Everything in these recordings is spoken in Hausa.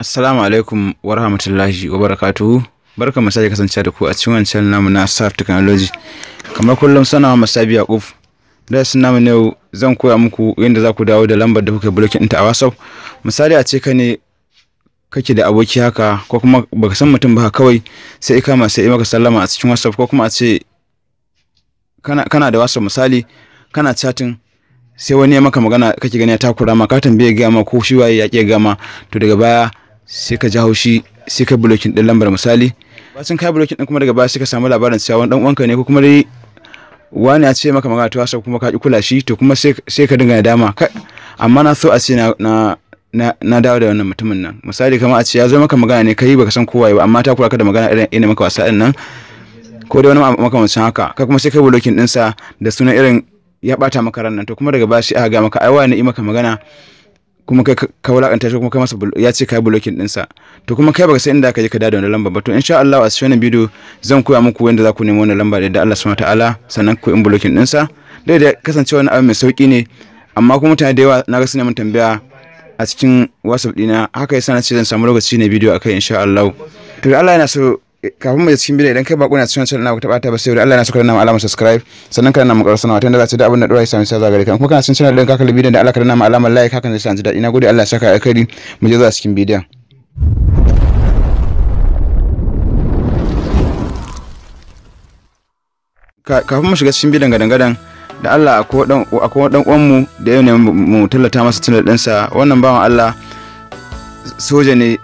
Assalamu alaikum wa rahmatullahi wa barakatuhu. Barka mu sake kasance da ku a cikin wancan namu na Saf Technology. Kamar kullum sanawa Masabi Yakub. Da sun namu ne zan koya muku yadda za ku dawo da lambar da kuka blocking ɗinta a WhatsApp. Misali a ce ka ne kake da aboki haka ko kuma baka san mutum ba kawai sai ka ma sai maka sallama a cikin WhatsApp ko kuma a ce kana kana da WhatsApp misali kana chatting sai wani ya maka magana kake gani ya takura ma ka tambaye gama ko shi waye ya ke gama to daga baya sai ka jawo shi sai ka blocking din lambar misali bacin ka blocking din kuma daga baya sai ka samu labarin cewa wani dan uwanka ne ko kuma dai wani a ce maka magana to sai kuma ka ki kula shi to kuma sai ka dinga dama amma na so a ce na na dawo da wannan mutumin nan misali kamar a ce ya zo maka magana ne kai baka san kowa ba amma ta kula ka da magana irin ina maka wasa din nan ko dai wani makamancin haka ka kuma sai ka blocking din sa da sunan irin ya bata maka ran nan to kuma daga baya sai aka ga maka ai wani maka magana kuma kai ka wulakanta shi kuma kai masa ya ce kai blocking ɗinsa to kuma kai baka san inda ka je ka dawo da wannan lamba ba to insha Allah a cikin bidiyo zan koya muku yadda za ku nemo wannan lamba da Allah subhanahu ta'ala sannan ku in blocking ɗinsa dai da kasancewa wani abu mai sauki ne amma kuma mutane da yawa na ga suna mun tambaya a cikin WhatsApp dina haka yasa na ce zan samu lokaci ne bidiyo akai insha Allah to Allah yana so kafin mu cikin bidiyo idan kai bako na cikin channel na ku taba ta ba sai Allah na saka nan alamar subscribe sannan kana mu karsa wata da za ta da abin da dora sai sai zagare kan kuma kana cikin channel din ka kalli bidiyon da Allah ka nan alamar like hakan zai sanji dadi nagode Allah ya saka alkhairi mu je za cikin bidiyon kafin mu shiga cikin bidiyon gadan-gadan da Allah akwai dan uwan mu da yau ne mu tallata masa channel ɗinsa wannan bawan Allah soja ne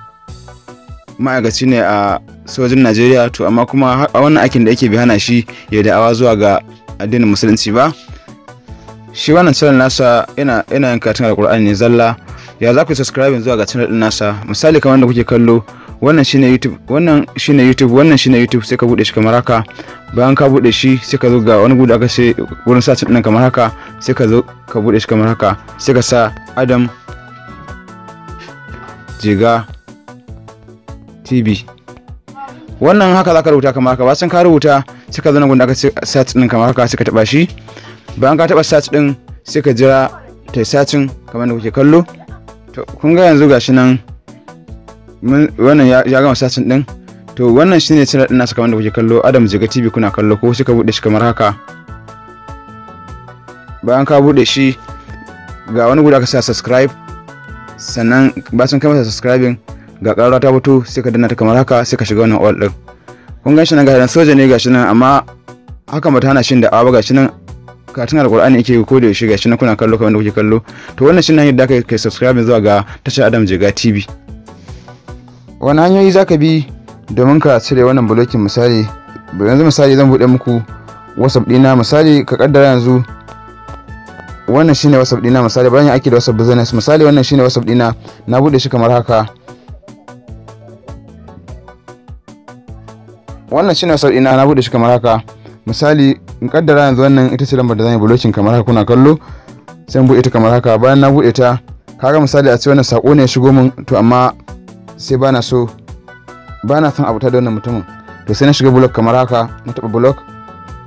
ma'aikaci ne a sojin najeriya to amma kuma a wannan aikin da yake bai hana shi ya da'awa zuwa ga addinin musulunci ba shi wannan channel nasa yana yana yin katin alkur'ani ne zalla ya za ku yi subscribing zuwa ga channel din nasa misali kamar da kuke kallo wannan shine youtube wannan shine youtube wannan shine youtube sai ka bude shi kamar haka bayan ka bude shi sai ka zo ga wani gudu aka ce wurin sa din kamar haka sai ka zo ka bude shi kamar haka sai ka sa adam jiga tv wannan haka za ka rubuta kamar haka sun ka rubuta sai ka zana gunda ka search din kamar haka sai ka taba shi bayan ka taba search din sai ka jira ta searchin kamar da kuke kallo to kun ga yanzu gashi nan wannan ya gama searchin din to wannan shine channel din nasu kamar da kuke kallo Adam Jiga TV kuna kallo ko sai ka bude shi kamar haka bayan ka bude shi ga wani guda ka sa subscribe sannan ba sun kai masa subscribing ga ƙararra ta fito sai ka danna ta kamar haka sai ka shiga wannan oil din kun gan shi nan gashi soja ne gashi nan amma haka mata na hana shin da awa gashi nan karatun alkur'ani yake ko da yaushe gashi nan kuna kallo kamar da kuke kallo to wannan shin nan yadda kai kai subscribe zuwa ga tashar Adam Jega TV wani hanyoyi zaka bi domin ka cire wannan bulokin misali yanzu misali zan bude muku WhatsApp dina misali ka kaddara yanzu wannan shine WhatsApp dina misali bayan ake da WhatsApp business misali wannan shine WhatsApp dina na bude shi kamar haka wannan shine sau ina na bude shi kamar haka misali in kaddara yanzu wannan ita ce lambar da zan yi blocking kamar haka kuna kallo sai in bude ta kamar haka bayan na bude ta kaga misali a ce wannan sako ne ya shigo min to amma sai bana so bana son abuta da wannan mutumin to sai na shiga block kamar haka na taba block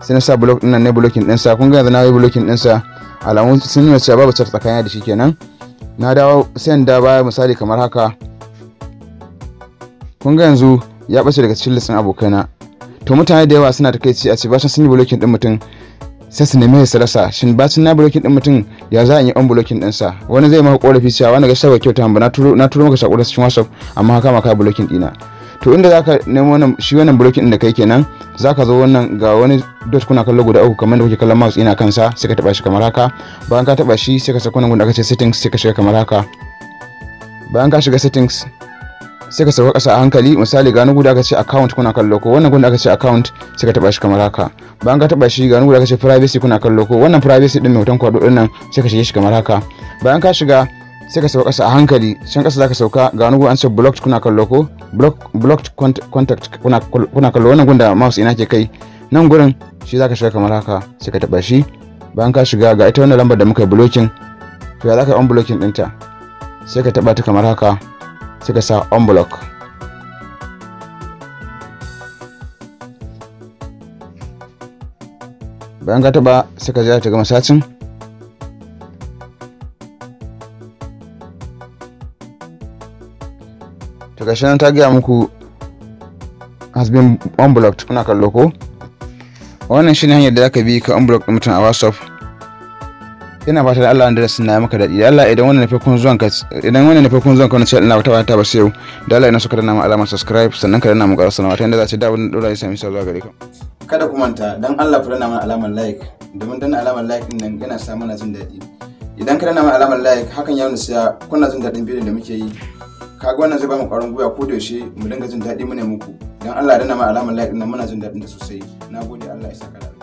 sai na sa block din nan ne blocking din sa kun ga yanzu na yi blocking din sa alamun sun nuna cewa babu tsaf tsakanin da shi kenan na dawo sai da baya misali kamar haka kun ga yanzu ya bace daga cikin listin abokaina to mutane da yawa suna takaici a ce bashin sun yi blocking din mutum sai su nemi su rasa shin bashin na blocking din mutum ya za a yi on blocking din sa wani zai maka korafi cewa wani gaskiya ba kyauta ba na turo na turo maka sakura da cikin WhatsApp amma haka maka blocking dina to inda zaka nemo wannan shi wannan blocking din da kai kenan zaka zo wannan ga wani dot kuna kallo guda uku kamar da kuke kallon mouse ina kansa sai ka taba shi kamar haka bayan ka taba shi sai ka sako nan gunda aka ce settings sai ka shiga kamar haka bayan ka shiga settings sai ka sauka ƙasa a hankali misali nugu da aka ce account kuna kallo ko wannan da aka ce account sai ka taba shi kamar haka bayan ka taba shi nugu da aka ce privacy kuna kallo ko wannan privacy din mai hoton kwado din nan sai ka shige shi kamar haka bayan ka shiga sai ka sauka ƙasa a hankali can ƙasa zaka sauka ga nugu an ce blocked kuna kallo ko blocked contact kuna kallo wannan da mouse ina ke kai nan gurin shi zaka shiga kamar haka sai ka taba shi bayan ka shiga ga ita wannan lambar da muka yi blocking to ya zaka yi on blocking ɗinta sai ka taba ta kamar haka sai ka sa on block bayan ka taba sai ka ta gama satin to nan ta gaya muku has been unblocked kuna kallo ko wannan shine hanyar da zaka bi ka unblock mutum a whatsapp ina fatan Allah wanda da sunna maka dadi Allah idan wannan nafi kun zuwan ka idan wannan nafi kun zuwan ka wannan ina ta bata ba sai yau da Allah ina so ka danna mu alamar subscribe sannan ka danna mu ƙarar sanarwa ta yanda za ta da wannan dora ya sami sa zuwa gare ka kada ku manta dan Allah ku danna mu alamar like domin danna alamar like din nan yana sa mana jin dadi idan ka danna mu alamar like hakan ya nuna cewa kuna jin dadin bidiyon da muke yi kaga wannan zai ba mu ƙwarin gwiwa ko da yaushe mu dinga jin dadi mu ne muku dan Allah danna mu alamar like din nan muna jin dadin da sosai nagode Allah ya saka lafiya